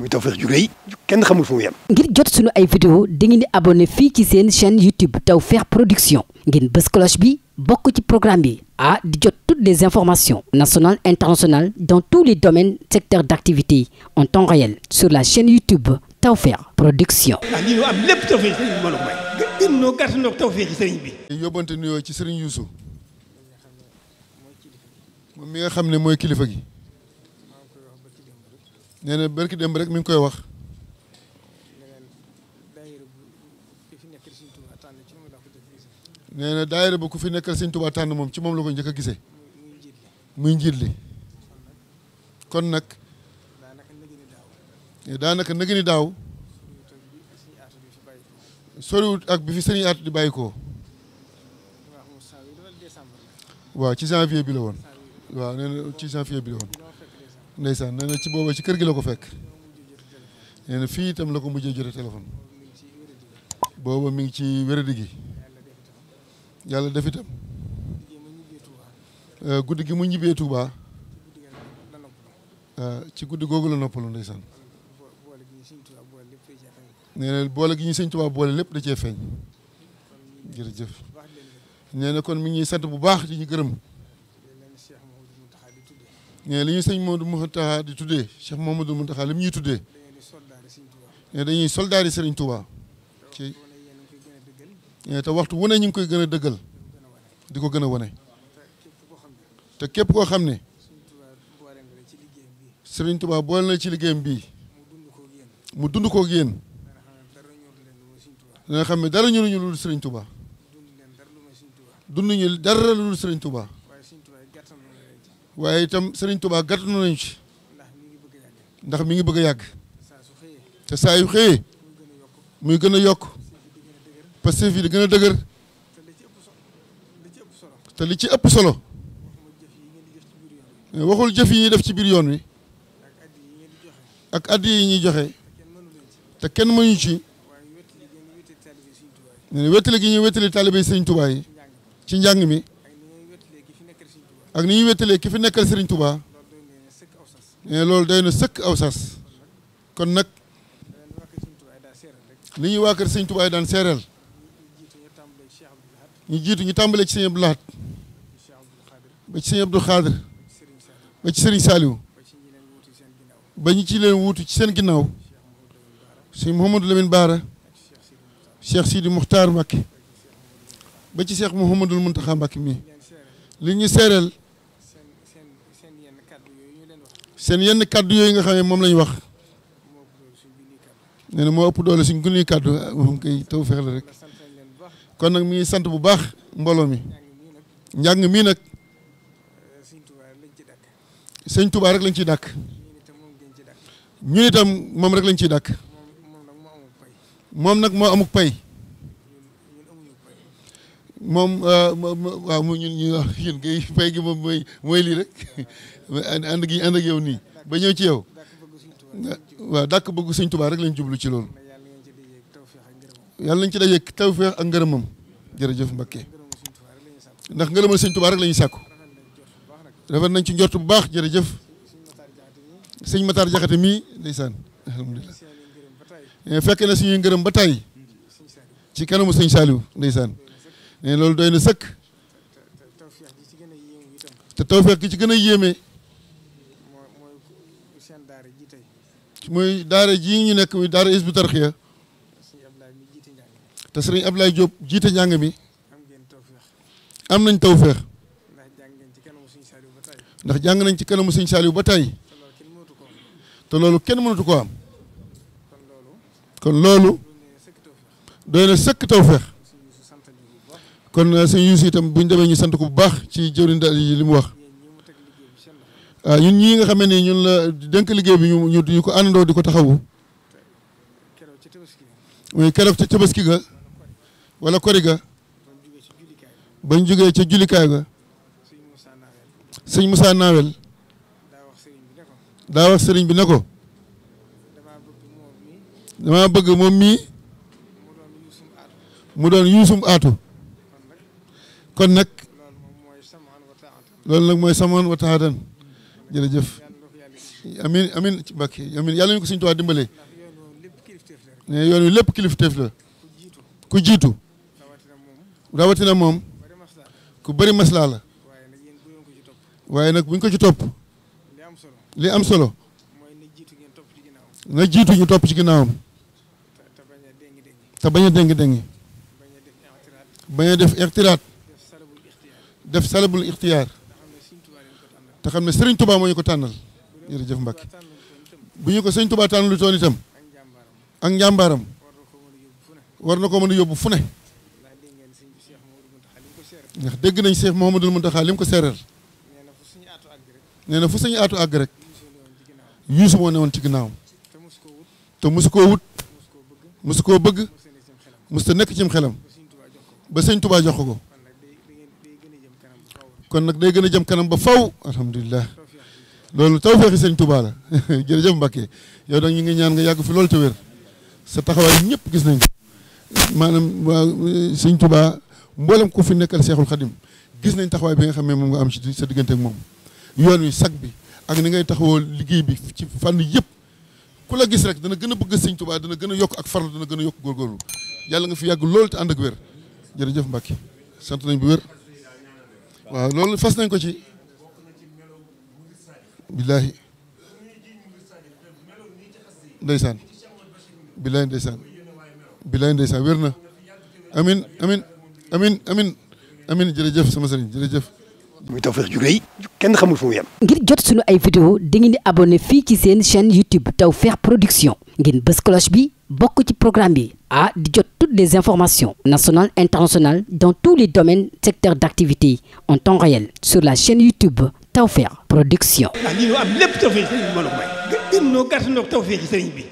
muy ngir jot sunu ay vidéo dangeen di abonné fii ci seen chaîne YouTube Tawfekh Production ngeen bës cloche bi bokk ci programme bi a di jot toutes les informations nationales internationales dans tous les domaines secteurs d'activité en temps réel sur la chaîne YouTube Tawfekh Production. ah lii ñu am lépp Tawfekh sëriñ bi a may. gën bi. ci sëriñ Youssou moom mi nga xam ne mooy kilifa gi. nee na barki démb rek mi ngi koy wax. nee na daayira ba ku fi nekkal sëñ Tuubaa tànn moom ci moom la ko njëkk a gisee. muy njiit li kon nag daanaka nag ni daaw soriwut ak bi fi sëñ Aatu di bàyyi ko waaw ci janvier bi la woon waaw nee na ci janvier bi la woon. ndeysaan nee ci booba ci kër gi la ko fekk nee fii itam la ko mujjee jote téléphone booba mi ngi ci wéradi gi yàlla def itam euh, guddi gi mu ñibbee Touba euh, ci guddi googu la noppalu ndeysaan nee na boole gi ñu sëñ Touba boole lépp da cee feeñ jërëjëf nee na kon mi ngi sant bu baax di ñu gërëm ne li ñuy sëñ Modou Mountakha di tuddee Cheikh Mamadou Mountakha li mu ñuy tuddee ne dañuy soldaari Serigne Touba ci te waxtu wane ñu ngi koy gën a dëggal di ko gën a wane te képp koo xam ne Serigne Touba boole na ci liggéeyam bii mu dund koog yéen dina xam ne dara ñu lu Serigne Touba dund ñu dara lu Serigne Touba. waaye itam sëriñ Tuubaa gàttanu nañ ci ndax mi ngi bëgg a yàgg te saa yu xëyee muy gën a yokk parce que fii di gën a dëgër te li ci ëpp solo waxul jëf yi ñuy def ci biir yoon wi ak addi yi ñuy joxe te kenn mënuñu ci wettali gi ñuy wettali taalibe Sëriñ Tuubaa yi ci njàng mi ak ni ñu wéttalee ki fi nekkal Serigne Touba mais eh, loolu day na sëkk aw sas kon nag li ñuy waa kër Serigne Touba yi daan seereel ñu jiitu ñu tàmbalee ci Serigne Abdou Lahad ba ci Serigne Abdou Khadir ba ci Serigne Saliou ba ñu ci leen wuutu ci seen ginnaaw Serigne Mouhamadou Lamine Baara Cheikh Sidi Moukhtar Mbacké ba ci Cheikh Mouhamadul Mountakha Mbacké mii li ñu seereel seen yenn kàddu yooyu nga xam ne moom la ñu wax nee na moo ëpp doole suñ gunuy kàddu moom koy taw feex la rek kon nag mi ngi sant bu baax mbooloo mi njàng mii nag sëñ Touba rek lañ ciy dàkk ñun itam moom rek lañ ciy dàkk moom nag moo amuk pay Euh, moom waaw mu ñun ñu wax ñun kay fay gi moom mooy mooy lii rek ànd gi ànd yow nii ba ñëw ci yow waaw dàkk bëgg sëñ Tuubaa rek lañ jublu ci loolu yàlla nañ ci dajeeg tawfeex ak ngërëmam jërëjëf Mbakke ndax ngërëmal sëñ Tuubaa rek la ñuy sàkku rafet nañ ci njort bu baax jërëjëf sëñ Matar Jaxate mii ndeysaan alhamdulilah eh, fekk na suñuy ngërëm ba tey ci kanamu sëñ Saliou ndeysaan ne loolu doy na sëkk te tawfeex gi ci gën a yéeme muy daara jii ñu nekk muy daara Hizbut Tarqiyyah te ab Ablaye Diop jiite njàng mi am nañ tawfeex ndax jàng nañ ci kanamu sëñ Saliou ba tey te loolu kenn mënatu koo am kon loolu doy na sëkk tawfeex kon euh, sëñ Youssou itam bu ñu demee ñu sant ko bu baax ci jëwriñ daal yi li mu wax ah, ñun ñii nga xam ni ñun la dénk liggéey bi ñu ñu ko àndandoo di ko taxawu muy keroog ca tabaski ga wala kori ga bañ jógee ca jullikaay ga sëñ Moussa Nawel daa wax sëriñ bi ne ko bëgg moom mii mu doon yuusum aatu kon nag loolu nag mooy samaan wa taatan jërëjëf amin amin ci mbàkke amin yàlla ñu ko si tuwaa dimbalee ne yoon wi lépp kilifteef la ku jiitu rawatina moom ku bëri maslaa la waaye nag bu ñu ko ci topp li am solo na jiitu ñu topp ci ginnaawam te bañ a déngi déngi bañ a def ixtiraat def salabul ixtiyaar te xam ne Serigne Touba moo ñu ko tànnal jërëjëf Mbacke bu ñu ko Serigne Touba tànnalu toon itam ak njàmbaaram war na ko mën a yóbbu fu ne ndax dégg nañ Cheikh Mouhamadul Mountakha li mu ko seeral nee na fu suñu aatu àgg rek yuusu moo ne woon ci ginnaawam te mosu koo wut mosu koo bëgg mosu ta nekk cim xelam ba Serigne Touba jox ko kon nag day gën a jëm kanam ba faw alhamdulilah loolu tawféexi sëñ tubaa la jërëjëf Mbacke yow nag ñu ngi ñaan nga yàgg fi loolu te wér sa taxawaay ñëpp gis nañ ko maanaam waa eh, sëñ Touba mboolem ku fi nekkal Seexul Xadim gis nañ taxawaay bi nga xam ne moom nga am ci sa diggante moom yoon wi sag bi ak ni ngay taxawoo liggéey bi ci fànn yëpp ku la gis rek dana gën a bëgg sëñ tubaa dana gën a yokk ak farlu dana gën a yokk góorgóorlu yàlla nga fi yàgg loolu te ànd ak wér jërëjëf Mbacke sant nañ bu wér waaw loolu fas nañ ko ci billaahi ndeysaan billaahi ndeysaan billaahi ndeysaan wér na amin amin amin amin amin jërëjëf sama sëriñ jërëjëf muy Tawfekh ju rëy kenn ngir jot sunu ay vidéo dangeen di abonné fii ci seen chaîne YouTube Tawfekh Production ngeen bës bi bokk ci programme bi ah di jot toutes les informations nationales internationales dans tous les domaines secteurs d'activité en temps réel sur la chaîne YouTube Tawfekh Production. Ah, a may. gën noo gàtt noo Tawfekh sëriñ bi.